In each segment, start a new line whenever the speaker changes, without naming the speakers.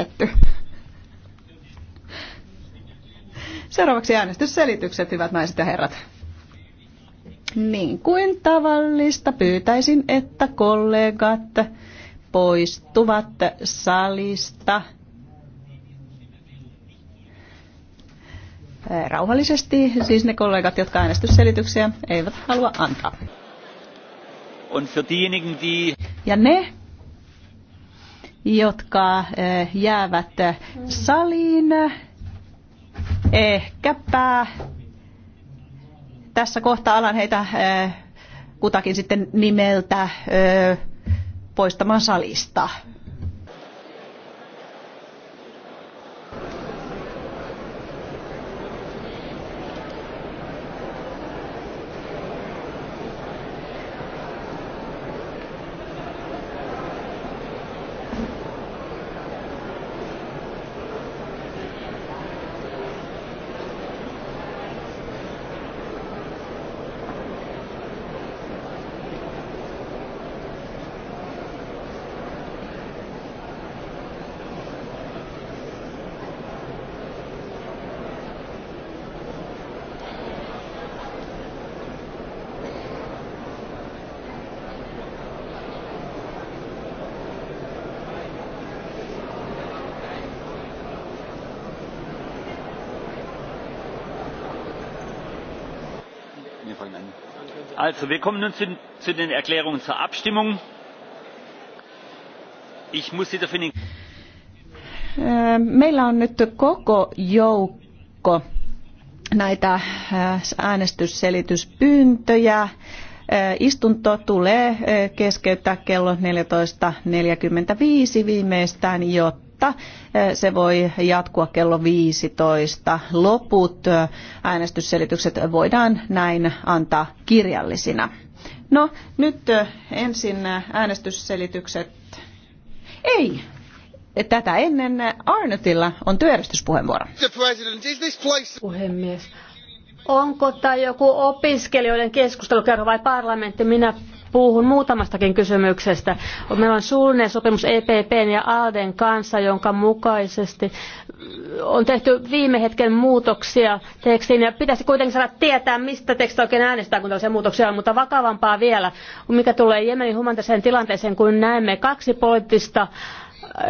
äänestetty. Seuraavaksi äänestysselitykset, hyvät naiset ja herrat. Niin kuin tavallista pyytäisin, että kollegat poistuvat salista äh, rauhallisesti, siis ne kollegat, jotka äänestysselityksiä eivät halua antaa. Ja ne, jotka eh, jäävät eh, saliin. Ehkäpä tässä kohtaa alan heitä eh, kutakin sitten nimeltä poistamaan salista.
Also, wir kommen nun zu, zu den Erklärungen zur Abstimmung. Ich muss Sie dafür nicht...
Äh, meillä on nyt koko joukko näitä äh, äänestysselityspyyntöjä. Äh, istunto tulee keskeyttää kello 14.45 viimeistään, jotta mutta se voi jatkua kello 15. Loput äänestysselitykset voidaan näin antaa kirjallisina. No nyt ensin äänestysselitykset. Ei, tätä ennen Arnotilla on työjärjestyspuheenvuoro. Puhemies,
onko tämä joku opiskelijoiden keskustelukerho vai parlamentti? Minä puhun muutamastakin kysymyksestä. Meillä on suullinen sopimus EPPn ja ALDEn kanssa, jonka mukaisesti on tehty viime hetken muutoksia tekstiin. Ja pitäisi kuitenkin saada tietää, mistä tekstistä oikein äänestää, kun tällaisia muutoksia on. Mutta vakavampaa vielä, mikä tulee Jemenin humanitaariseen tilanteeseen, kun näemme kaksi poliittista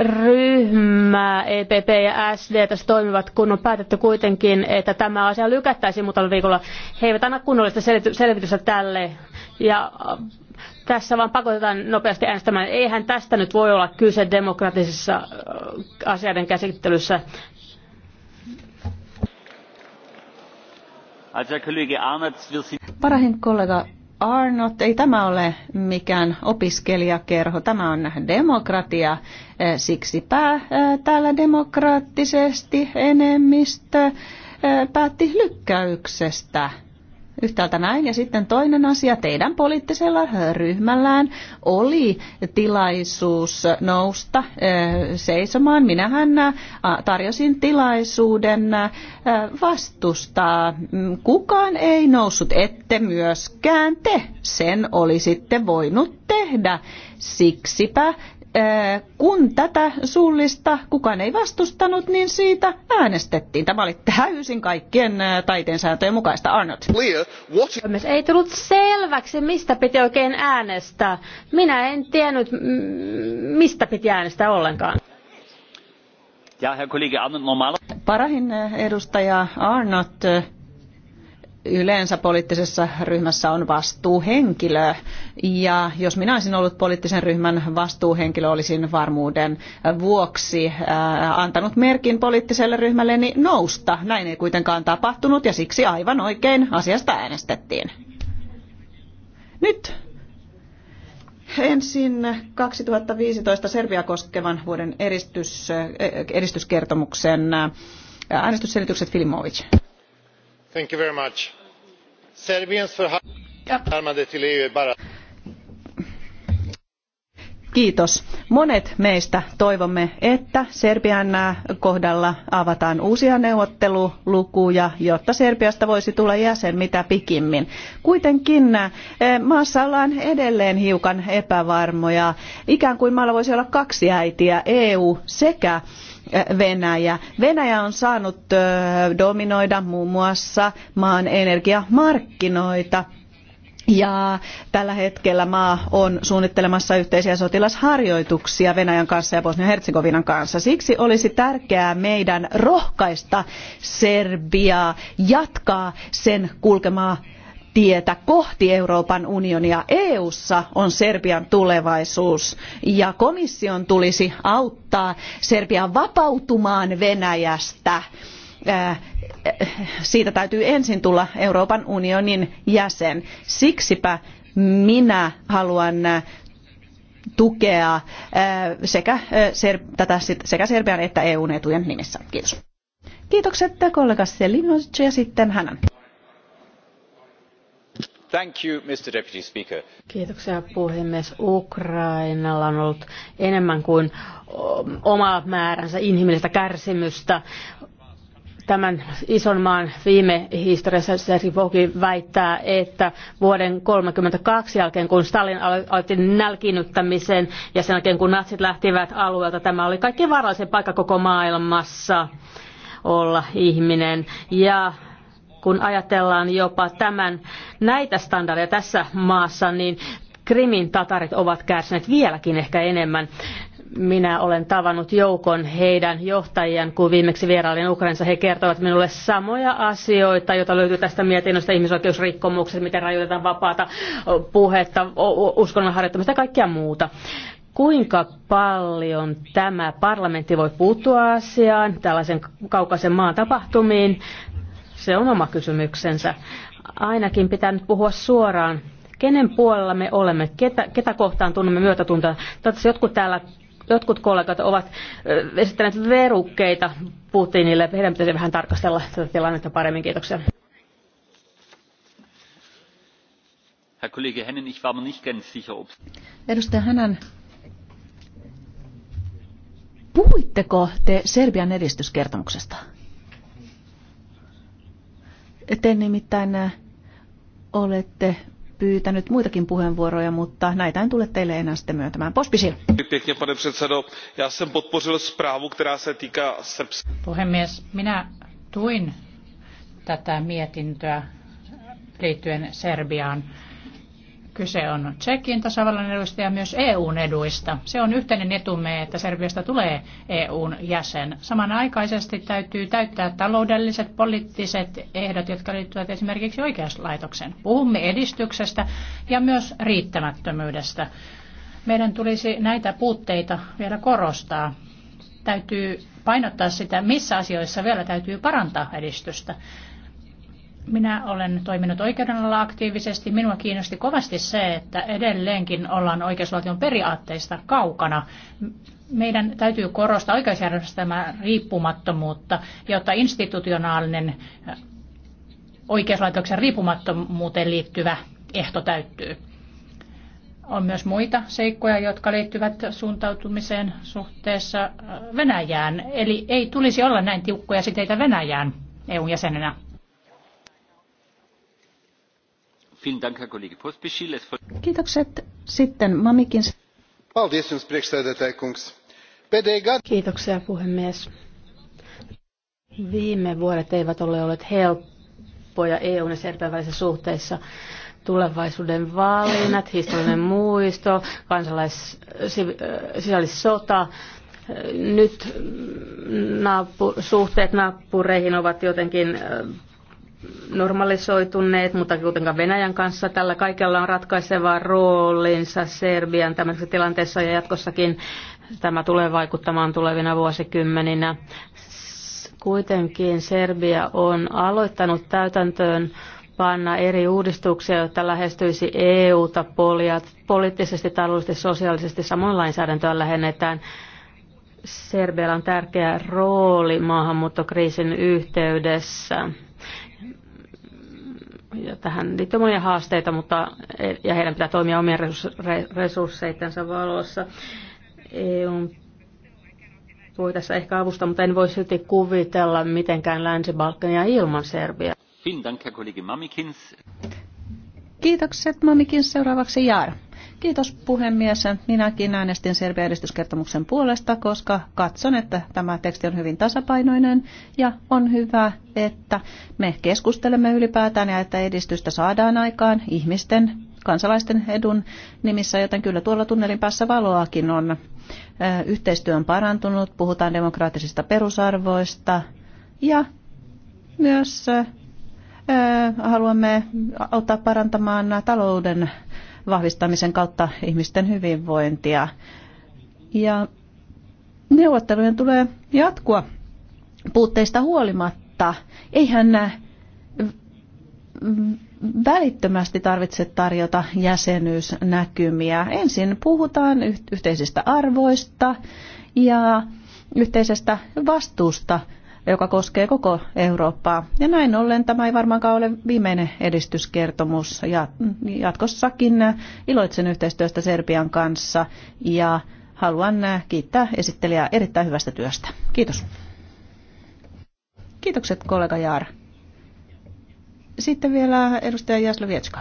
ryhmää, EPP ja SD, tässä toimivat, kun on päätetty kuitenkin, että tämä asia lykättäisiin muutamalla viikolla. He eivät anna kunnollista selvitystä tälle. Ja tässä vaan pakotetaan nopeasti äänestämään. Eihän tästä nyt voi olla kyse demokraattisessa
asioiden käsittelyssä. Parahin kollega Arnott, ei tämä ole mikään opiskelijakerho, tämä on demokratia. E, siksipä e, täällä demokraattisesti enemmistö e, päätti lykkäyksestä Yhtäältä näin. Ja sitten toinen asia, teidän poliittisella ryhmällään oli tilaisuus nousta seisomaan. Minähän tarjosin tilaisuuden vastustaa. Kukaan ei noussut, ette myöskään te. Sen olisitte voinut tehdä. Siksipä Äh, kun tätä suullista kukaan ei vastustanut, niin siitä äänestettiin. Tämä oli täysin kaikkien äh, taiteen sääntöjen mukaista. Arnold.
Ei tullut selväksi, mistä piti oikein
äänestää. Minä en tiennyt, mistä piti äänestää ollenkaan. Ja, Parahin äh, edustaja Arnott, yleensä poliittisessa ryhmässä on vastuuhenkilö. Ja jos minä olisin ollut poliittisen ryhmän vastuuhenkilö, olisin varmuuden vuoksi äh, antanut merkin poliittiselle ryhmälleni niin nousta. Näin ei kuitenkaan tapahtunut ja siksi aivan oikein asiasta äänestettiin. Nyt ensin 2015 Serbia koskevan vuoden edistys, äh, edistyskertomuksen äh, äänestysselitykset Filimovic
serbiens förhandlingar till eu är bara.
Kiitos. Monet meistä toivomme, että Serbian kohdalla avataan uusia neuvottelulukuja, jotta Serbiasta voisi tulla jäsen mitä pikimmin. Kuitenkin maassa ollaan edelleen hiukan epävarmoja. Ikään kuin maalla voisi olla kaksi äitiä, EU sekä Venäjä. Venäjä on saanut dominoida muun muassa maan energiamarkkinoita. Ja tällä hetkellä maa on suunnittelemassa yhteisiä sotilasharjoituksia Venäjän kanssa ja Bosnia-Herzegovinan kanssa. Siksi olisi tärkeää meidän rohkaista Serbiaa jatkaa sen kulkemaa tietä kohti Euroopan unionia. EU:ssa on Serbian tulevaisuus ja komission tulisi auttaa Serbian vapautumaan Venäjästä. Äh, siitä täytyy ensin tulla Euroopan unionin jäsen. Siksipä minä haluan äh, tukea äh, sekä, tätä, sekä Serbian että EUn etujen nimissä. Kiitos. Kiitokset kollega Selimovic ja sitten hänen. Kiitoksia puhemies.
Ukrainalla on ollut enemmän kuin um, oma määränsä inhimillistä kärsimystä tämän ison maan viime historiassa Sergei väittää, että vuoden 1932 jälkeen, kun Stalin aloitti nälkiinnyttämisen ja sen jälkeen, kun natsit lähtivät alueelta, tämä oli kaikkein vaarallisin paikka koko maailmassa olla ihminen. Ja kun ajatellaan jopa tämän, näitä standardeja tässä maassa, niin Krimin tatarit ovat kärsineet vieläkin ehkä enemmän. Minä olen tavannut joukon heidän johtajien kun viimeksi vierailin Ukrainassa. He kertovat minulle samoja asioita, joita löytyy tästä mietinnöstä, ihmisoikeusrikkomukset, miten rajoitetaan vapaata puhetta, uskonnon harjoittamista ja kaikkea muuta kuinka paljon tämä parlamentti voi puuttua asiaan, tällaisen kaukaisen maan tapahtumiin. Se on oma kysymyksensä. Ainakin pitää nyt puhua suoraan, kenen puolella me olemme, ketä, ketä kohtaan tunnemme myötätuntoa. Toivottavasti jotkut täällä jotkut kollegat ovat esittäneet verukkeita Putinille. Heidän pitäisi vähän tarkastella tätä tilannetta paremmin. Kiitoksia.
Herr Kollege Hennen, ich war mir nicht ganz sicher, ob...
Edustaja Hänen, puhuitteko te Serbian edistyskertomuksesta? Te nimittäin äh, olette pyytänyt muitakin puheenvuoroja, mutta näitä en tule teille enää sitten myöntämään. Pospisil. pane předsedo. Já jsem podpořil která se
týká Srbska.
Puhemies, minä tuin tätä mietintöä liittyen Serbiaan. Kyse on Tsekin tasavallan eduista ja myös EUn eduista. Se on yhteinen etumme, että Serbiasta tulee EUn jäsen. Samanaikaisesti täytyy täyttää taloudelliset, poliittiset ehdot, jotka liittyvät esimerkiksi oikeuslaitoksen. Puhumme edistyksestä ja myös riittämättömyydestä. Meidän tulisi näitä puutteita vielä korostaa. Täytyy painottaa sitä, missä asioissa vielä täytyy parantaa edistystä. Minä olen toiminut oikeudenalalla aktiivisesti. Minua kiinnosti kovasti se, että edelleenkin ollaan oikeusvaltion periaatteista kaukana. Meidän täytyy korostaa oikeusjärjestelmän riippumattomuutta, jotta institutionaalinen äh, oikeuslaitoksen riippumattomuuteen liittyvä ehto täyttyy. On myös muita seikkoja, jotka liittyvät suuntautumiseen suhteessa äh, Venäjään. Eli ei tulisi olla näin tiukkoja siteitä Venäjään eu jäsenenä.
Kiitokset. Sitten Mamikin. Kiitoksia puhemies.
Viime vuodet eivät ole olleet helppoja EUn ja Serbian välisissä suhteissa tulevaisuuden valinnat, historiallinen muisto, kansalais, äh, sisällissota. Nyt naapu, suhteet naapureihin ovat jotenkin äh, normalisoituneet, mutta kuitenkaan Venäjän kanssa. Tällä kaikella on ratkaiseva roolinsa Serbian tämmöisessä tilanteessa ja jatkossakin tämä tulee vaikuttamaan tulevina vuosikymmeninä. Kuitenkin Serbia on aloittanut täytäntöön panna eri uudistuksia, jotta lähestyisi EU-ta poliittisesti, taloudellisesti, sosiaalisesti. Samoin lainsäädäntöä lähennetään. Serbialla on tärkeä rooli maahanmuuttokriisin yhteydessä ja tähän liittyy monia haasteita, mutta, ja heidän pitää toimia omien resursseitensa valossa. EU voi tässä ehkä avustaa, mutta en voi silti kuvitella mitenkään Länsi-Balkania ilman Serbia.
Kiitokset Mamikin. Seuraavaksi Jaara. Kiitos puhemies. Minäkin äänestin Serbian edistyskertomuksen puolesta, koska katson, että tämä teksti on hyvin tasapainoinen ja on hyvä, että me keskustelemme ylipäätään ja että edistystä saadaan aikaan ihmisten kansalaisten edun nimissä, joten kyllä tuolla tunnelin päässä valoakin on. Yhteistyö on parantunut, puhutaan demokraattisista perusarvoista ja myös haluamme auttaa parantamaan talouden vahvistamisen kautta ihmisten hyvinvointia. Ja neuvottelujen tulee jatkua puutteista huolimatta. Eihän välittömästi tarvitse tarjota jäsenyysnäkymiä. Ensin puhutaan yhteisistä arvoista ja yhteisestä vastuusta joka koskee koko Eurooppaa. Ja näin ollen tämä ei varmaankaan ole viimeinen edistyskertomus. Ja jatkossakin iloitsen yhteistyöstä Serbian kanssa ja haluan kiittää esittelijää erittäin hyvästä työstä. Kiitos. Kiitokset kollega Jaara. Sitten vielä edustaja Jaslowiecka.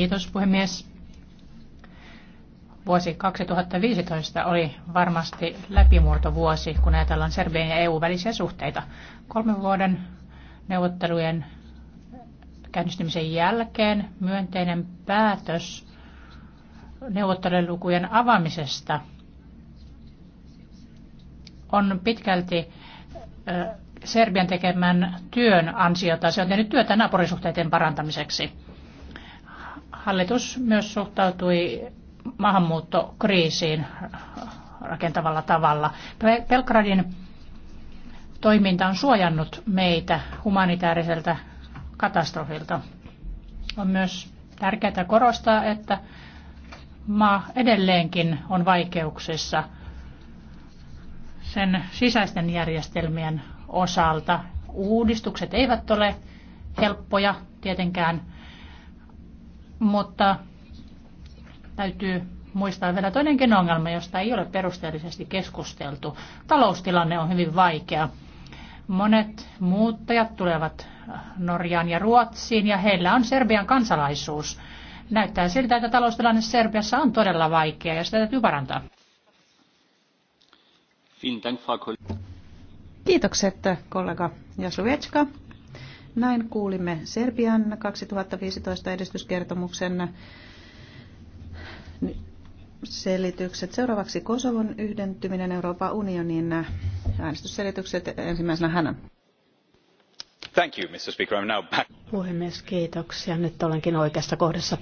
Kiitos puhemies vuosi 2015 oli varmasti läpimurtovuosi, kun ajatellaan Serbian ja EU-välisiä suhteita. Kolmen vuoden neuvottelujen käynnistymisen jälkeen myönteinen päätös neuvottelulukujen avaamisesta on pitkälti Serbian tekemän työn ansiota. Se on tehnyt työtä naapurisuhteiden parantamiseksi. Hallitus myös suhtautui maahanmuuttokriisiin rakentavalla tavalla. Belgradin toiminta on suojannut meitä humanitaariselta katastrofilta. On myös tärkeää korostaa, että maa edelleenkin on vaikeuksissa sen sisäisten järjestelmien osalta. Uudistukset eivät ole helppoja tietenkään, mutta Täytyy muistaa vielä toinenkin ongelma, josta ei ole perusteellisesti keskusteltu. Taloustilanne on hyvin vaikea. Monet muuttajat tulevat Norjaan ja Ruotsiin ja heillä on Serbian kansalaisuus. Näyttää siltä, että taloustilanne Serbiassa on todella vaikea ja sitä täytyy parantaa.
Kiitokset kollega Jasuvetska. Näin kuulimme Serbian 2015 edistyskertomuksen äänestysselitykset. Seuraavaksi Kosovon yhdentyminen Euroopan unionin äänestysselitykset. Ensimmäisenä Hänä. Thank you, Mr. Speaker. I'm now back. Puhemies, kiitoksia. Nyt olenkin oikeassa kohdassa.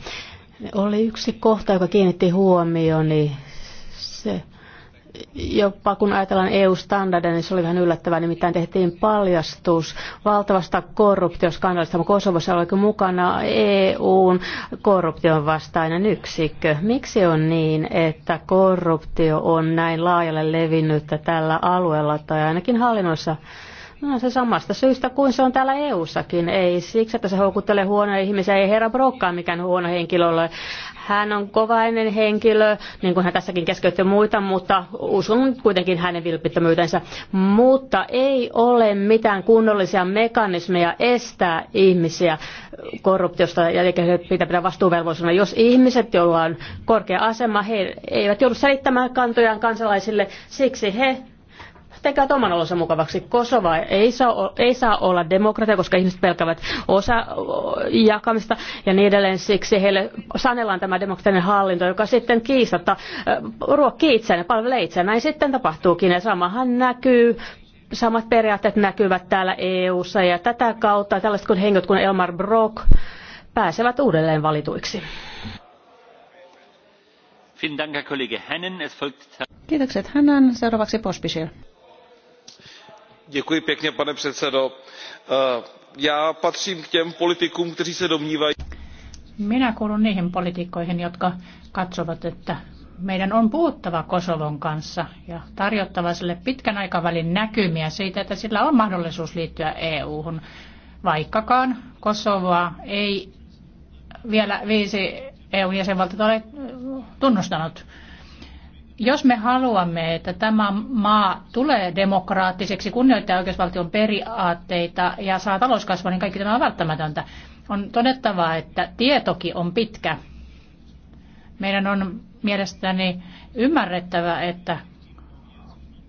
Oli
yksi kohta, joka kiinnitti huomioni. Se jopa kun ajatellaan EU-standardeja, niin se oli vähän yllättävää, nimittäin tehtiin paljastus valtavasta korruptioskandaalista. Kosovossa oliko mukana EUn korruption vastainen yksikkö. Miksi on niin, että korruptio on näin laajalle levinnyt tällä alueella tai ainakin hallinnossa? No se samasta syystä kuin se on täällä EU-sakin. Ei siksi, että se houkuttelee huonoja ihmisiä. Ei herra Brokkaa mikään huono henkilö ole. Hän on kovainen henkilö, niin kuin hän tässäkin keskeytti muita, mutta uskon kuitenkin hänen vilpittömyytensä. Mutta ei ole mitään kunnollisia mekanismeja estää ihmisiä korruptiosta ja eikä pitää pitää vastuuvelvollisuudena. Jos ihmiset, joilla on korkea asema, he eivät joudu selittämään kantojaan kansalaisille, siksi he tekevät oman olonsa mukavaksi. Kosova ei saa, ei saa olla demokratia, koska ihmiset pelkävät osa jakamista ja niin edelleen. Siksi heille sanellaan tämä demokraattinen hallinto, joka sitten kiistatta ruokkii itseään ja palvelee itseään. Näin sitten tapahtuukin ja samahan näkyy samat periaatteet näkyvät täällä EU-ssa ja tätä kautta tällaiset kuin henkilöt kuin Elmar Brok pääsevät uudelleen valituiksi.
Kiitokset Hänen. Seuraavaksi Pospisil
pane předsedající eh,
já patřím k těm politikům kteří se domnívají.
minä kuulun niihin poliitikkoihin jotka katsovat että meidän on puhuttava Kosovon kanssa ja tarjottava sille pitkän aikavälin näkymiä siitä, että sillä on mahdollisuus liittyä EU-hun, vaikkakaan Kosovoa ei vielä viisi EU-jäsenvaltiota ole tunnustanut. Jos me haluamme, että tämä maa tulee demokraattiseksi, kunnioittaa oikeusvaltion periaatteita ja saa talouskasvua, niin kaikki tämä on välttämätöntä. On todettava, että tietoki on pitkä. Meidän on mielestäni ymmärrettävä, että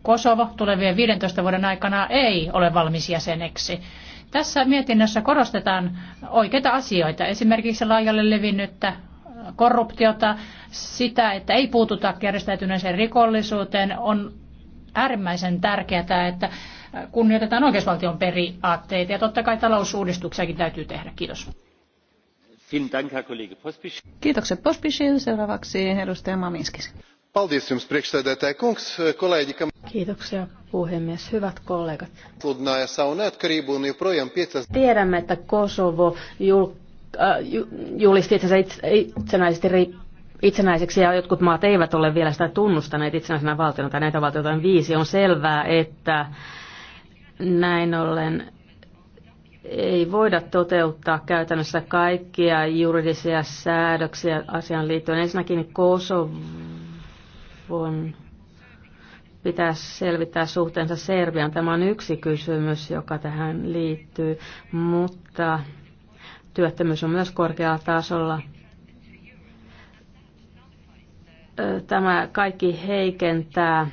Kosovo tulevien 15 vuoden aikana ei ole valmis jäseneksi. Tässä mietinnössä korostetaan oikeita asioita, esimerkiksi laajalle levinnyttä korruptiota, sitä, että ei puututa järjestäytyneeseen rikollisuuteen, on äärimmäisen tärkeää, että kunnioitetaan oikeusvaltion periaatteita ja totta kai
talousuudistuksiakin täytyy tehdä. Kiitos. Kiitokset Pospisil. Seuraavaksi edustaja Maminskis. Kiitoksia puhemies. Hyvät kollegat.
Tiedämme, että Kosovo julkaisi Äh, julisti itsensä itsenäisesti itsenäiseksi ja jotkut maat eivät ole vielä sitä tunnustaneet itsenäisenä valtiona tai näitä valtioita on viisi. On selvää, että näin ollen ei voida toteuttaa käytännössä kaikkia juridisia säädöksiä asian liittyen. Ensinnäkin Kosovon pitää selvittää suhteensa Serbian. Tämä on yksi kysymys, joka tähän liittyy, mutta Työttömyys on myös korkealla tasolla. Tämä kaikki heikentää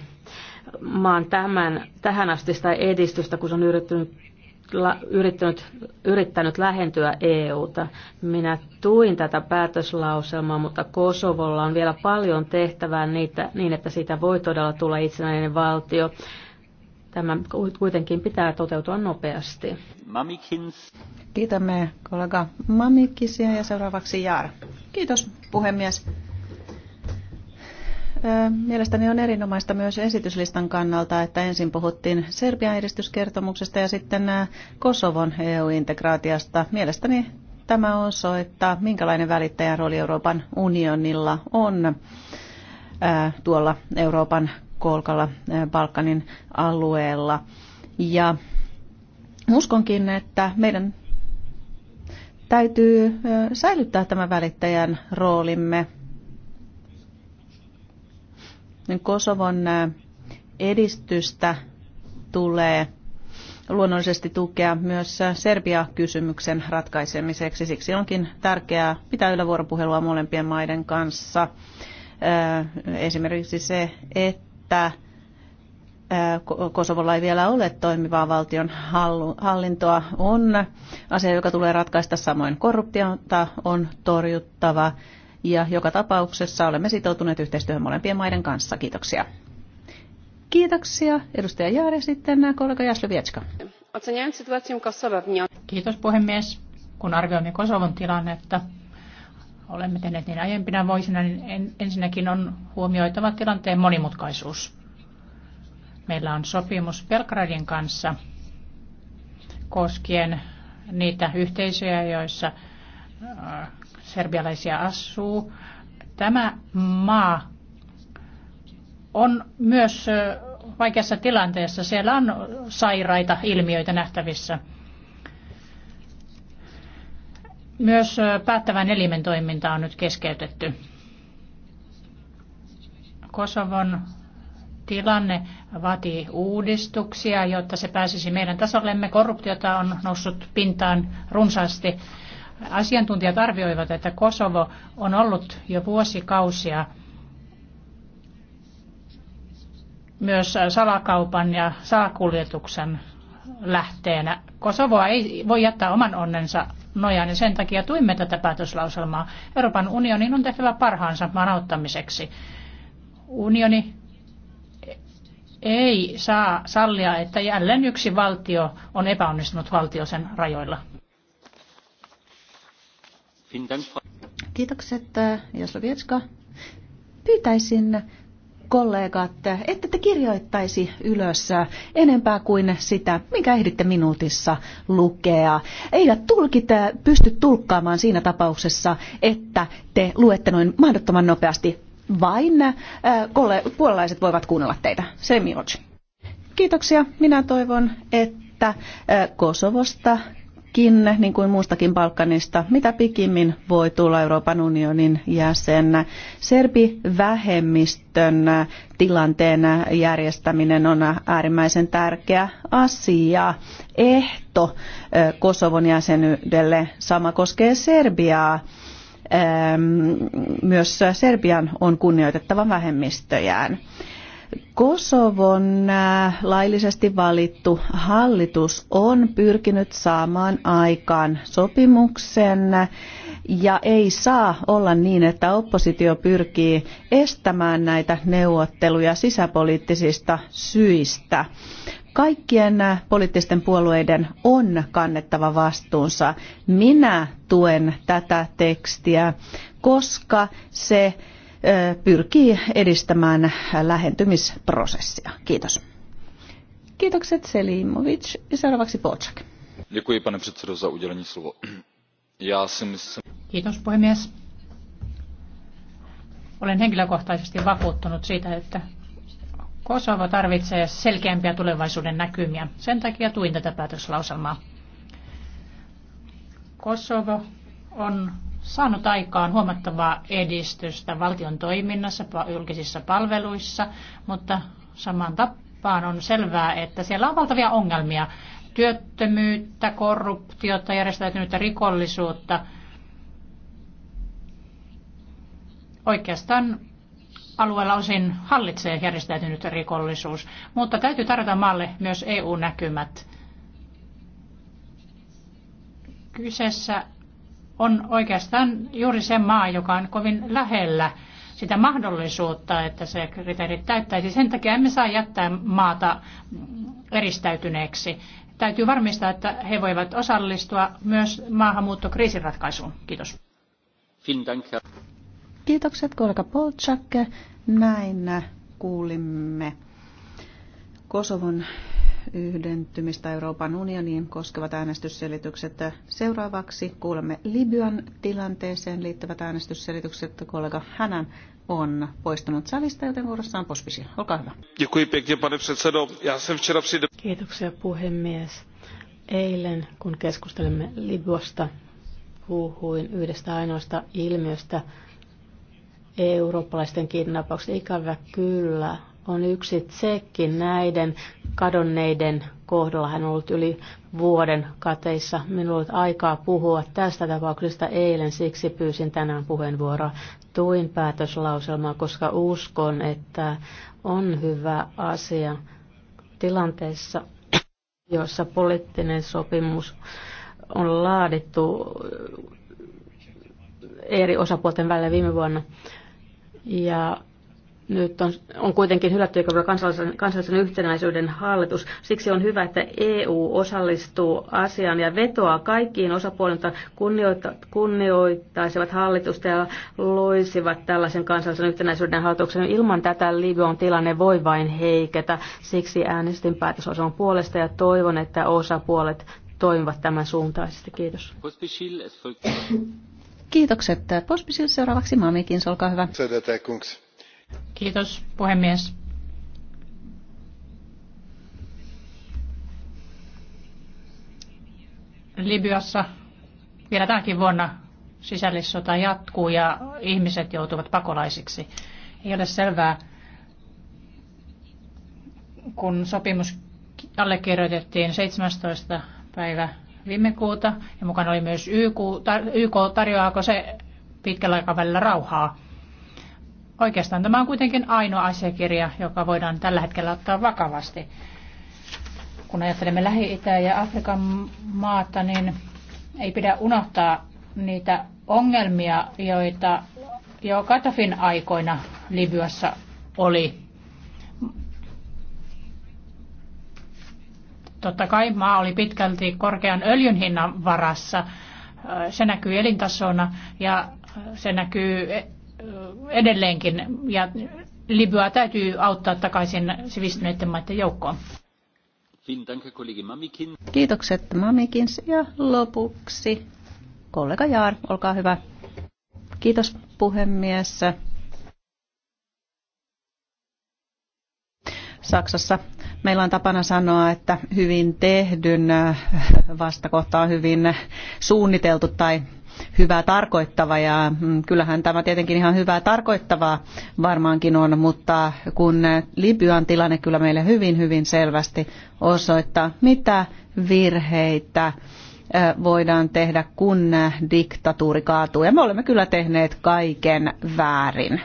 maan tämän, tähän asti sitä edistystä, kun se on yrittänyt, la, yrittänyt, yrittänyt lähentyä EUta. Minä tuin tätä päätöslauselmaa, mutta Kosovolla on vielä paljon tehtävää niitä, niin, että siitä voi todella tulla itsenäinen valtio.
Tämä kuitenkin pitää toteutua nopeasti.
Mamikins.
Kiitämme kollega Mamikisia ja seuraavaksi Jaar. Kiitos puhemies. Mielestäni on erinomaista myös esityslistan kannalta, että ensin puhuttiin Serbian edistyskertomuksesta ja sitten Kosovon EU-integraatiasta. Mielestäni tämä osoittaa, minkälainen välittäjän rooli Euroopan unionilla on tuolla Euroopan kolkalla Balkanin alueella. Ja uskonkin, että meidän täytyy säilyttää tämä välittäjän roolimme. Kosovon edistystä tulee luonnollisesti tukea myös Serbia-kysymyksen ratkaisemiseksi. Siksi onkin tärkeää pitää yllä vuoropuhelua molempien maiden kanssa. Esimerkiksi se, että että Kosovolla ei vielä ole toimivaa valtion hallintoa, on asia, joka tulee ratkaista samoin korruptiota, on torjuttava ja joka tapauksessa olemme sitoutuneet yhteistyöhön molempien maiden kanssa. Kiitoksia. Kiitoksia. Edustaja Jaari sitten kollega Jasli Vietska. Kiitos
puhemies. Kun arvioimme Kosovon tilannetta, olemme tehneet niin aiempina vuosina, niin ensinnäkin on huomioitava tilanteen monimutkaisuus. Meillä on sopimus Belgradin kanssa koskien niitä yhteisöjä, joissa äh, serbialaisia asuu. Tämä maa on myös äh, vaikeassa tilanteessa. Siellä on sairaita ilmiöitä nähtävissä – myös päättävän elimen toiminta on nyt keskeytetty. Kosovon tilanne vaatii uudistuksia, jotta se pääsisi meidän tasollemme. Korruptiota on noussut pintaan runsaasti. Asiantuntijat arvioivat, että Kosovo on ollut jo vuosikausia myös salakaupan ja salakuljetuksen lähteenä. Kosovoa ei voi jättää oman onnensa nojaan ja sen takia tuimme tätä päätöslauselmaa. Euroopan unionin on tehtävä parhaansa maan auttamiseksi. Unioni ei saa sallia, että jälleen yksi valtio on epäonnistunut valtio sen rajoilla.
Kiitokset, äh, Jaslovietska. Pyytäisin kollegat, että te kirjoittaisi ylös enempää kuin sitä, minkä ehditte minuutissa lukea. Eivät tulkit pysty tulkkaamaan siinä tapauksessa, että te luette noin mahdottoman nopeasti. Vain äh, puolalaiset voivat kuunnella teitä. Semi Kiitoksia. Minä toivon, että Kosovosta Turkkikin, niin kuin muustakin Balkanista, mitä pikimmin voi tulla Euroopan unionin jäsen. Serbivähemmistön tilanteen järjestäminen on äärimmäisen tärkeä asia. Ehto Kosovon jäsenyydelle sama koskee Serbiaa. Myös Serbian on kunnioitettava vähemmistöjään. Kosovon äh, laillisesti valittu hallitus on pyrkinyt saamaan aikaan sopimuksen ja ei saa olla niin, että oppositio pyrkii estämään näitä neuvotteluja sisäpoliittisista syistä. Kaikkien äh, poliittisten puolueiden on kannettava vastuunsa. Minä tuen tätä tekstiä, koska se pyrkii edistämään lähentymisprosessia. Kiitos. Kiitokset Selimovic. Ja seuraavaksi Polčak. Kiitos, puhemies.
Olen henkilökohtaisesti vakuuttunut siitä, että Kosovo tarvitsee selkeämpiä tulevaisuuden näkymiä. Sen takia tuin tätä päätöslauselmaa. Kosovo on saanut aikaan huomattavaa edistystä valtion toiminnassa, julkisissa palveluissa, mutta saman tapaan on selvää, että siellä on valtavia ongelmia. Työttömyyttä, korruptiota, järjestäytynyttä rikollisuutta. Oikeastaan alueella osin hallitsee järjestäytynyt rikollisuus, mutta täytyy tarjota maalle myös EU-näkymät. Kyseessä on oikeastaan juuri se maa, joka on kovin lähellä sitä mahdollisuutta, että se kriteerit täyttäisi. Sen takia emme saa jättää maata eristäytyneeksi. Täytyy varmistaa, että he voivat osallistua
myös maahanmuuttokriisin ratkaisuun. Kiitos. Kiitokset kollega Polchak. Näin kuulimme Kosovon yhdentymistä Euroopan unioniin koskevat äänestysselitykset. Seuraavaksi kuulemme Libyan tilanteeseen liittyvät äänestysselitykset. Kollega Hänän on poistunut salista, joten vuorossa on Pospisi. Olkaa hyvä. Kiitoksia puhemies. Eilen, kun keskustelimme
Libyasta, puhuin yhdestä ainoasta ilmiöstä, eurooppalaisten kidnappaukset. Ikävä kyllä, on yksi tsekki näiden kadonneiden kohdalla. Hän on ollut yli vuoden kateissa. Minulla oli aikaa puhua tästä tapauksesta eilen, siksi pyysin tänään puheenvuoroa. Tuin päätöslauselmaa, koska uskon, että on hyvä asia tilanteessa, jossa poliittinen sopimus on laadittu eri osapuolten välillä viime vuonna. Ja nyt on, on kuitenkin hylätty kansallisen, kansallisen yhtenäisyyden hallitus. Siksi on hyvä, että EU osallistuu asiaan ja vetoaa kaikkiin osapuolilta kunnioita, kunnioittaisivat hallitusta ja loisivat tällaisen kansallisen yhtenäisyyden hallituksen. Ilman tätä Libyan tilanne voi vain heiketä. Siksi äänestin päätösosan puolesta ja toivon, että osapuolet toimivat tämän suuntaisesti.
Kiitos. Kiitokset. Pospisil seuraavaksi Mamikin, olkaa hyvä. Kiitos puhemies.
Libyassa vielä tänäkin vuonna sisällissota jatkuu ja ihmiset joutuvat pakolaisiksi. Ei ole selvää, kun sopimus allekirjoitettiin 17. päivä viime kuuta ja mukana oli myös YK, YK tarjoaako se pitkällä aikavälillä rauhaa. Oikeastaan tämä on kuitenkin ainoa asiakirja, joka voidaan tällä hetkellä ottaa vakavasti. Kun ajattelemme Lähi-Itää ja Afrikan maata, niin ei pidä unohtaa niitä ongelmia, joita jo Katafin aikoina Libyassa oli. Totta kai maa oli pitkälti korkean öljyn hinnan varassa. Se näkyy elintasona ja se näkyy edelleenkin ja Libyaa täytyy auttaa takaisin sivistyneiden maiden joukkoon.
Kiitokset Mamikins ja lopuksi kollega Jaar, olkaa hyvä. Kiitos puhemies. Saksassa meillä on tapana sanoa, että hyvin tehdyn vastakohta on hyvin suunniteltu tai hyvää tarkoittava ja mm, kyllähän tämä tietenkin ihan hyvää tarkoittavaa varmaankin on, mutta kun Libyan tilanne kyllä meille hyvin hyvin selvästi osoittaa, mitä virheitä voidaan tehdä, kun diktatuuri kaatuu. Ja me olemme kyllä tehneet kaiken väärin.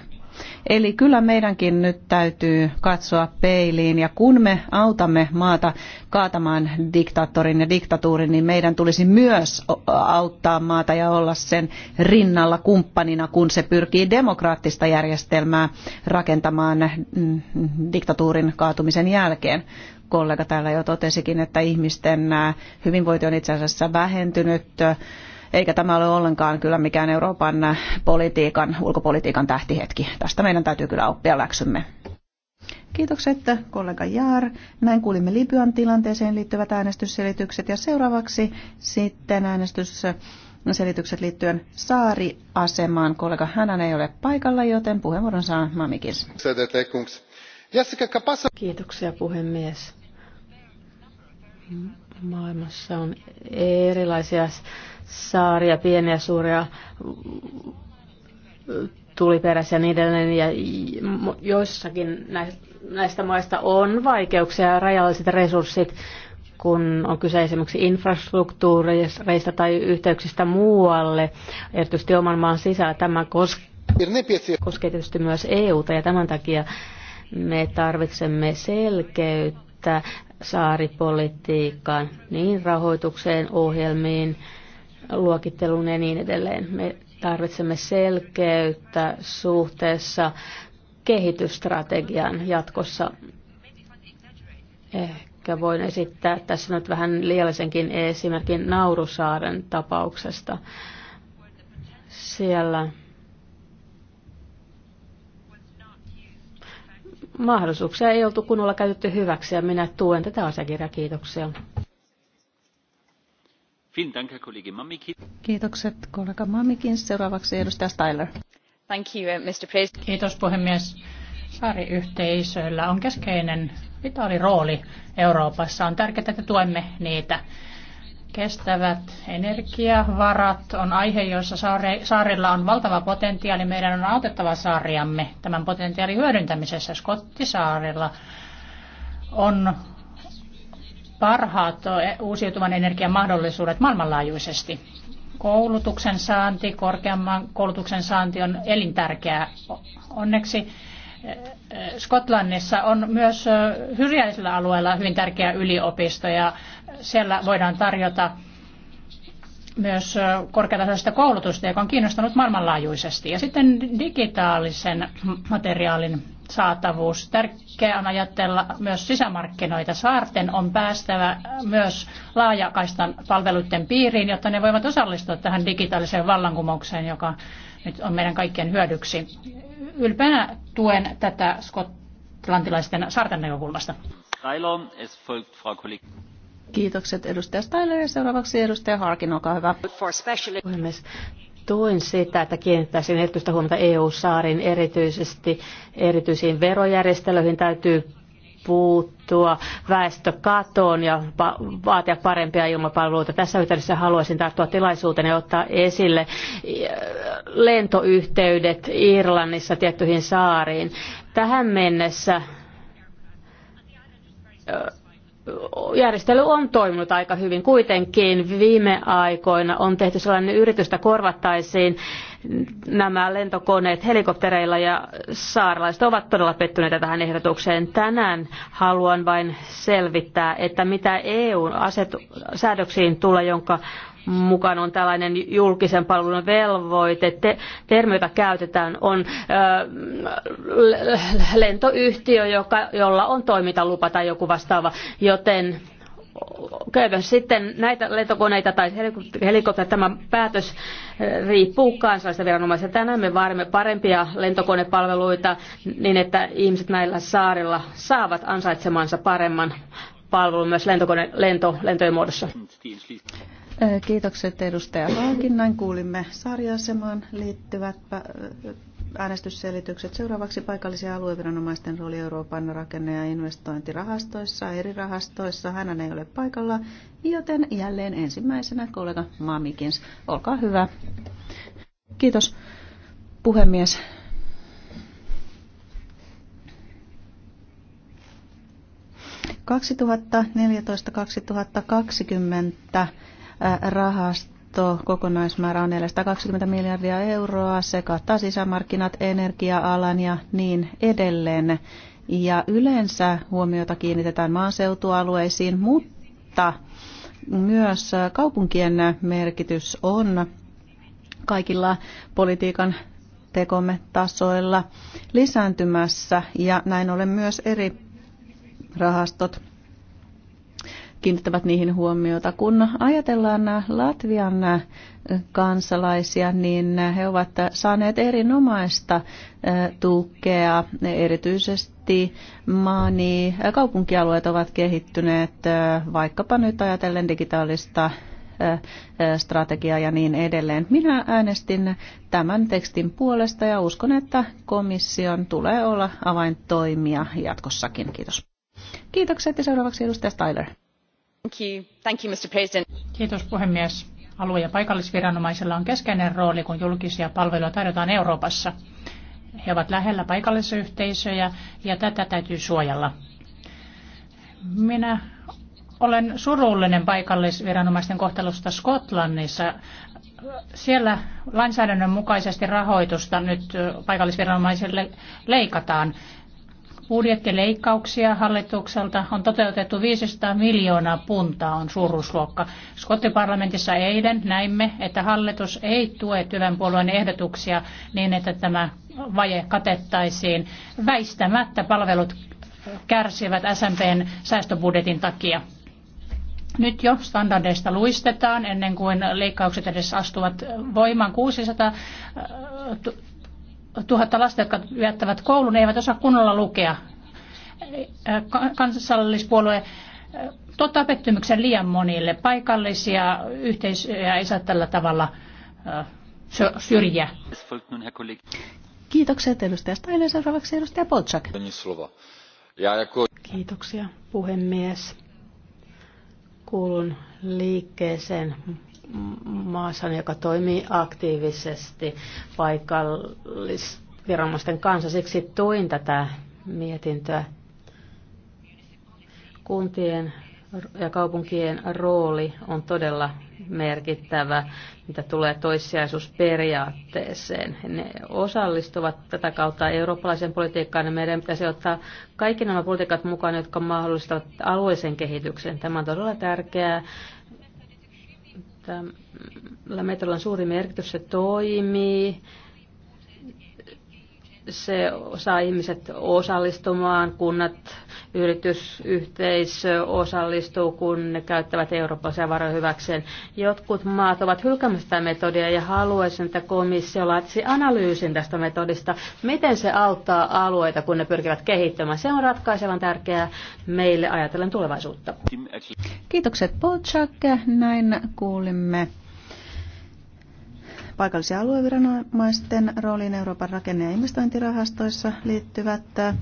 Eli kyllä meidänkin nyt täytyy katsoa peiliin ja kun me autamme maata kaatamaan diktaattorin ja diktatuurin, niin meidän tulisi myös auttaa maata ja olla sen rinnalla kumppanina, kun se pyrkii demokraattista järjestelmää rakentamaan mm, diktatuurin kaatumisen jälkeen kollega täällä jo totesikin, että ihmisten hyvinvointi on itse asiassa vähentynyt eikä tämä ole ollenkaan kyllä mikään Euroopan äh, politiikan, ulkopolitiikan tähtihetki. Tästä meidän täytyy kyllä oppia läksymme. Kiitokset kollega Jaar. Näin kuulimme Libyan tilanteeseen liittyvät äänestysselitykset ja seuraavaksi sitten äänestysselitykset liittyen saariasemaan. Kollega Hänän ei ole paikalla, joten puheenvuoron saa Mamikis. Kiitoksia puhemies. Maailmassa on erilaisia
saaria, pieniä, suuria tuliperäisiä ja niin edelleen. Ja joissakin näistä maista on vaikeuksia ja rajalliset resurssit, kun on kyse esimerkiksi infrastruktuureista tai yhteyksistä muualle, erityisesti oman maan sisällä. Tämä koskee tietysti myös EUta ja tämän takia me tarvitsemme selkeyttä saaripolitiikkaan, niin rahoitukseen, ohjelmiin, luokitteluun ja niin edelleen. Me tarvitsemme selkeyttä suhteessa kehitysstrategian jatkossa. Ehkä voin esittää tässä nyt vähän liiallisenkin esimerkin Naurusaaren tapauksesta. Siellä mahdollisuuksia ei oltu kunnolla käytetty hyväksi ja
minä tuen tätä asiakirjaa. Kiitoksia. Kiitokset kollega Mamikin. Seuraavaksi edustaja Styler.
Thank you, uh, Mr. President. Kiitos puhemies. Saariyhteisöillä on keskeinen vitaali rooli Euroopassa. On tärkeää, että tuemme niitä. Kestävät energiavarat on aihe, jossa saarilla on valtava potentiaali. Meidän on autettava saariamme tämän potentiaalin hyödyntämisessä. Skottisaarilla on parhaat uusiutuvan energian mahdollisuudet maailmanlaajuisesti. Koulutuksen saanti, korkeamman koulutuksen saanti on elintärkeää. Onneksi Skotlannissa on myös hyrjäisellä alueilla hyvin tärkeä yliopisto ja siellä voidaan tarjota myös korkeatasoista koulutusta, joka on kiinnostanut maailmanlaajuisesti. Ja sitten digitaalisen materiaalin saatavuus. Tärkeää on ajatella myös sisämarkkinoita. Saarten on päästävä myös laajakaistan palveluiden piiriin, jotta ne voivat osallistua tähän digitaaliseen vallankumoukseen, joka nyt on meidän kaikkien hyödyksi.
Ylpeänä tuen tätä skotlantilaisten saarten näkökulmasta. Kiitokset edustaja Steiner ja seuraavaksi edustaja Harkin, olkaa hyvä.
Puhemies, Tuen sitä, että kiinnittäisiin erityistä huomiota EU-saariin, erityisesti erityisiin verojärjestelyihin täytyy puuttua väestökatoon ja vaatia parempia ilmapalveluita. Tässä yhteydessä haluaisin tarttua tilaisuuteen ja ottaa esille eh, lentoyhteydet Irlannissa tiettyihin saariin. Tähän mennessä eh, järjestely on toiminut aika hyvin. Kuitenkin viime aikoina on tehty sellainen yritys, että korvattaisiin nämä lentokoneet helikoptereilla ja saarlaiset ovat todella pettyneitä tähän ehdotukseen. Tänään haluan vain selvittää, että mitä EU-säädöksiin tulee, jonka mukaan on tällainen julkisen palvelun velvoite. Te, termi, jota käytetään, on ö, lentoyhtiö, joka, jolla on toimintalupa tai joku vastaava, joten käyvän sitten näitä lentokoneita tai helikoptereita tämä päätös riippuu kansallisesta viranomaisesta. Tänään me vaadimme parempia lentokonepalveluita niin, että ihmiset näillä saarilla saavat ansaitsemansa paremman palvelun myös lentokone, lento, lentojen muodossa.
Kiitokset edustaja Haakin. Näin kuulimme sarjaasemaan liittyvät äänestysselitykset. Seuraavaksi paikallisia alueviranomaisten rooli Euroopan rakenne- ja investointirahastoissa, eri rahastoissa. Hän ei ole paikalla, joten jälleen ensimmäisenä kollega Mamikins. Olkaa hyvä. Kiitos puhemies. kaksituhatta 2020 rahasto kokonaismäärä on 420 miljardia euroa. Se kattaa sisämarkkinat, energia-alan ja niin edelleen. Ja yleensä huomiota kiinnitetään maaseutualueisiin, mutta myös kaupunkien merkitys on kaikilla politiikan tekomme tasoilla lisääntymässä ja näin ollen myös eri rahastot kiinnittävät niihin huomiota. Kun ajatellaan Latvian kansalaisia, niin he ovat saaneet erinomaista tukea. Erityisesti maani kaupunkialueet ovat kehittyneet, vaikkapa nyt ajatellen digitaalista strategiaa ja niin edelleen. Minä äänestin tämän tekstin puolesta ja uskon, että komission tulee olla avaintoimia jatkossakin. Kiitos. Kiitokset ja seuraavaksi edustaja Tyler
arvoisa Kiitos puhemies. Alue- ja paikallisviranomaisilla on keskeinen rooli, kun julkisia palveluja tarjotaan Euroopassa. He ovat lähellä paikallisyhteisöjä ja tätä täytyy suojella. Minä olen surullinen paikallisviranomaisten kohtelusta Skotlannissa. Siellä lainsäädännön mukaisesti rahoitusta nyt paikallisviranomaisille leikataan. Budjettileikkauksia hallitukselta on toteutettu 500 miljoonaa puntaa on suuruusluokka. Skottiparlamentissa eilen näimme, että hallitus ei tue puolueen ehdotuksia niin, että tämä vaje katettaisiin. Väistämättä palvelut kärsivät SMPn säästöbudjetin takia. Nyt jo standardeista luistetaan ennen kuin leikkaukset edes astuvat voimaan. 600 tuhatta lasta, jotka viettävät koulun, eivät osaa kunnolla lukea. Kansallispuolue tuottaa pettymyksen liian monille. Paikallisia yhteisöjä ei saa
tällä tavalla syrjiä.
Kiitokset edustaja Stainen. Seuraavaksi edustaja Polczak. Kiitoksia
puhemies. Kuulun liikkeeseen maassa, joka toimii aktiivisesti paikallisviranomaisten kanssa. Siksi tuin tätä mietintöä. Kuntien ja kaupunkien rooli on todella merkittävä, mitä tulee toissijaisuusperiaatteeseen. Ne osallistuvat tätä kautta eurooppalaiseen politiikkaan ja meidän pitäisi ottaa kaikki nämä politiikat mukaan, jotka mahdollistavat alueellisen kehityksen. Tämä on todella tärkeää että Lämetalon suuri merkitys, se toimii se saa ihmiset osallistumaan, kunnat, yritysyhteisö osallistuu, kun ne käyttävät eurooppalaisia varoja hyväkseen. Jotkut maat ovat hylkäämässä tätä metodia ja haluaisin, että komissio laatisi analyysin tästä metodista, miten se auttaa alueita, kun ne pyrkivät kehittämään. Se on ratkaisevan tärkeää meille ajatellen
tulevaisuutta.
Kiitokset Polchak. Näin kuulimme paikallisen alueviranomaisten rooliin Euroopan rakenne- ja investointirahastoissa liittyvät äh,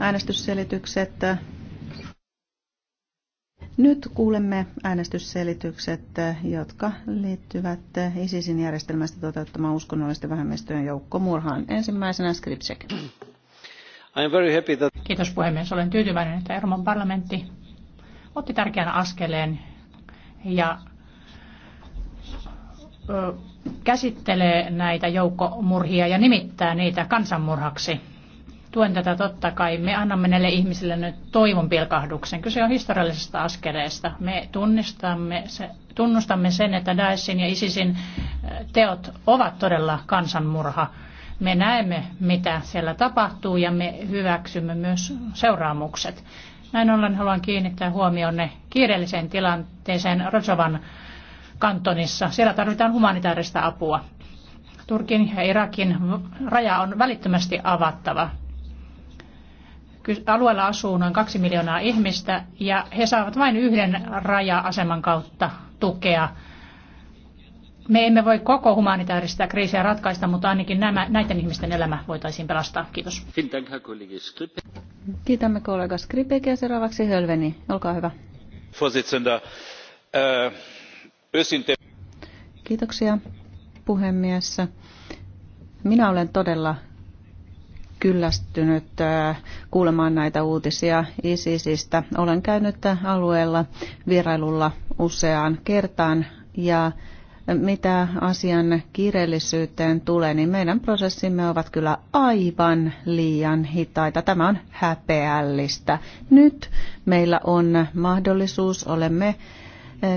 äänestysselitykset. Nyt kuulemme äänestysselitykset, äh, jotka liittyvät äh, ISISin järjestelmästä toteuttamaan uskonnollisten vähemmistöjen joukkomurhaan. Ensimmäisenä Skripsek. That... Kiitos puhemies. Olen tyytyväinen, että Euroopan
parlamentti otti tärkeän askeleen ja käsittelee näitä joukkomurhia ja nimittää niitä kansanmurhaksi. Tuen tätä totta kai. Me annamme näille ihmisille nyt toivon pilkahduksen. Kyse on historiallisesta askeleesta. Me tunnistamme se, tunnustamme sen, että Daeshin ja ISISin teot ovat todella kansanmurha. Me näemme, mitä siellä tapahtuu ja me hyväksymme myös seuraamukset. Näin ollen haluan kiinnittää huomionne kiireelliseen tilanteeseen Rojovan kantonissa. Siellä tarvitaan humanitaarista apua. Turkin ja Irakin raja on välittömästi avattava. Alueella asuu noin kaksi miljoonaa ihmistä ja he saavat vain yhden raja-aseman kautta tukea. Me emme voi koko humanitaarista kriisiä ratkaista, mutta ainakin nämä, näiden ihmisten elämä
voitaisiin pelastaa. Kiitos. Kiitämme kollega Skripek ja seuraavaksi Hölveni. Olkaa hyvä.
äh,
Kiitoksia puhemies. Minä olen todella kyllästynyt äh, kuulemaan näitä uutisia ISISistä. Olen käynyt alueella vierailulla useaan kertaan ja äh, mitä asian kiireellisyyteen tulee, niin meidän prosessimme ovat kyllä aivan liian hitaita. Tämä on häpeällistä. Nyt meillä on mahdollisuus, olemme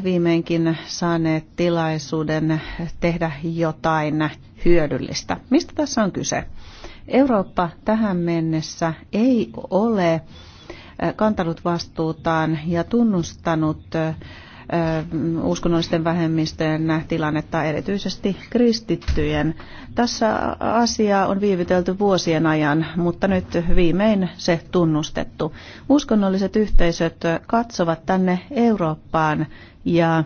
viimeinkin saaneet tilaisuuden tehdä jotain hyödyllistä. Mistä tässä on kyse? Eurooppa tähän mennessä ei ole kantanut vastuutaan ja tunnustanut uskonnollisten vähemmistöjen tilannetta, erityisesti kristittyjen. Tässä asiaa on viivytelty vuosien ajan, mutta nyt viimein se tunnustettu. Uskonnolliset yhteisöt katsovat tänne Eurooppaan ja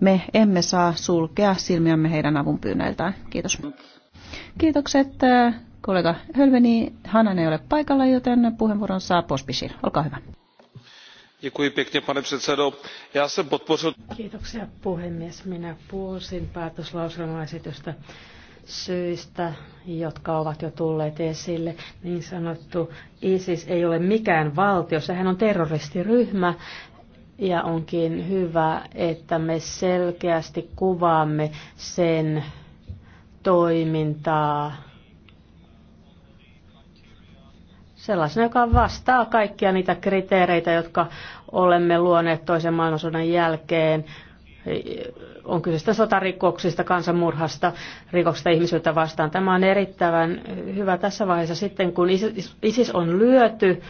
me emme saa sulkea silmiämme heidän avunpyynnöiltään. Kiitos. Kiitokset kollega Hölveni. Hanan ei ole paikalla, joten puheenvuoron saa Pospisil. Olkaa hyvä
pane předsedající já jsem podpořil.
kiitoksia puhemies minä puolsin päätöslauselmaesitystä syistä jotka ovat jo tulleet esille. Niin sanottu ISIS ei ole mikään valtio, sehän on terroristiryhmä ja onkin hyvä, että me selkeästi kuvaamme sen toimintaa sellaisena, joka vastaa kaikkia niitä kriteereitä, jotka olemme luoneet toisen maailmansodan jälkeen. On kyseistä sotarikoksista, kansanmurhasta, rikoksista ihmisyyttä vastaan. Tämä on erittäin hyvä tässä vaiheessa sitten, kun ISIS on lyöty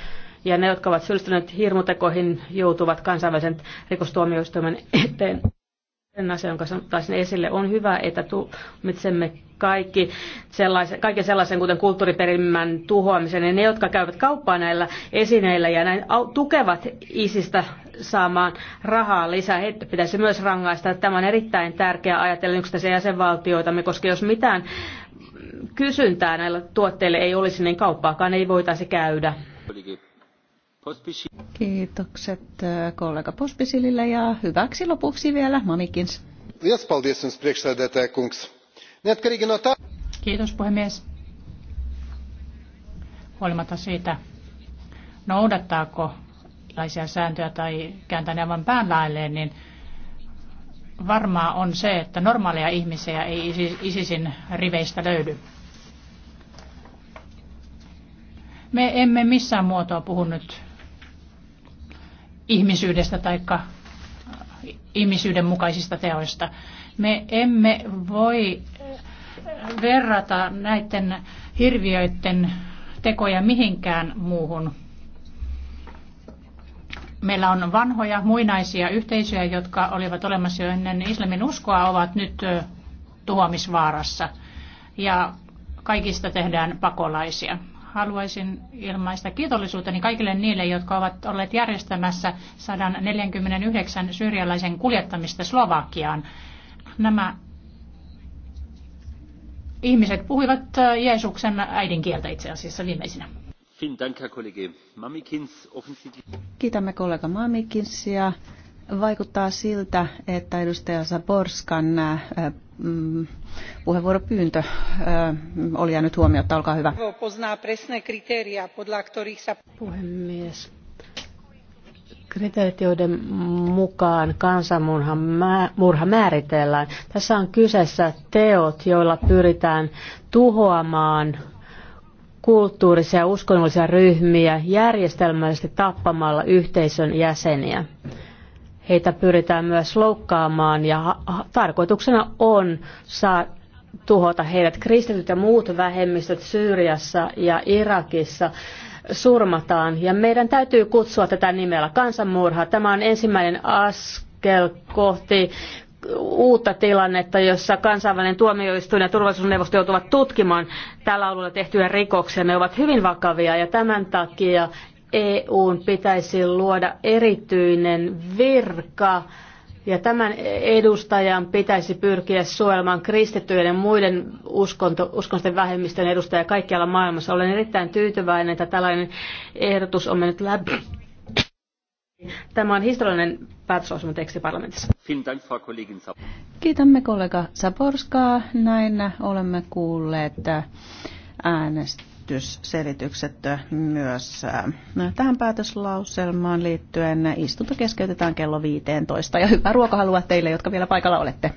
ja ne, jotka ovat syyllistyneet hirmutekoihin, joutuvat kansainvälisen rikostuomioistuimen eteen. Sen asia, jonka sanottaisin esille, on hyvä, että tuomitsemme kaikki sellaisen, kaiken sellaisen, kuten kulttuuriperimän tuhoamisen, ja ne, jotka käyvät kauppaa näillä esineillä ja näin tukevat isistä saamaan rahaa lisää, heitä pitäisi myös rangaista. Tämä on erittäin tärkeää ajatellen yksittäisiä jäsenvaltioitamme, koska jos mitään kysyntää näillä tuotteille ei olisi, niin kauppaakaan ei voitaisi käydä.
Kiitokset äh, kollega Pospisilille ja hyväksi lopuksi vielä Mamikins. No Kiitos puhemies.
Huolimatta siitä, noudattaako laisia sääntöjä tai kääntää ne aivan päänlailleen, niin varmaa on se, että normaaleja ihmisiä ei ISISin riveistä löydy. Me emme missään muotoa puhu nyt ihmisyydestä tai ihmisyyden mukaisista teoista. Me emme voi eh, verrata näiden hirviöiden tekoja mihinkään muuhun. Meillä on vanhoja muinaisia yhteisöjä, jotka olivat olemassa jo ennen islamin uskoa, ovat nyt eh, tuhoamisvaarassa. Ja kaikista tehdään pakolaisia haluaisin ilmaista kiitollisuuteni kaikille niille, jotka ovat olleet järjestämässä 149 syyrialaisen kuljettamista Slovakiaan. Nämä ihmiset puhuivat äh, Jeesuksen
äidinkieltä itse asiassa viimeisinä. Kiitämme kollega Mamikinsia. Vaikuttaa siltä, että edustaja Saborskan äh, Mm, puheenvuoropyyntö äh, oli jäänyt huomiotta. Olkaa hyvä. Puhemies.
Kriteerit, joiden mukaan kansanmurha määritellään. Tässä on kyseessä teot, joilla pyritään tuhoamaan kulttuurisia ja uskonnollisia ryhmiä järjestelmällisesti tappamalla yhteisön jäseniä heitä pyritään myös loukkaamaan ja tarkoituksena on saa tuhota heidät. Kristityt ja muut vähemmistöt Syyriassa ja Irakissa surmataan ja meidän täytyy kutsua tätä nimellä kansanmurha. Tämä on ensimmäinen askel kohti uutta tilannetta, jossa kansainvälinen tuomioistuin ja turvallisuusneuvosto joutuvat tutkimaan tällä alueella tehtyjä rikoksia. Ne ovat hyvin vakavia ja tämän takia EUn pitäisi luoda erityinen virka ja tämän edustajan pitäisi pyrkiä suojelemaan kristittyjen ja muiden uskonto, uskonnollisten vähemmistön edustajia kaikkialla maailmassa. Olen erittäin tyytyväinen, että tällainen ehdotus on mennyt läpi. Tämä on historiallinen päätösosuma teksti parlamentissa.
Kiitämme kollega Saborskaa. Näin olemme kuulleet äänestä äänestysselitykset myös. Äh, tähän päätöslauselmaan liittyen istunto keskeytetään kello 15 ja hyvää ruokahalua teille, jotka vielä paikalla olette.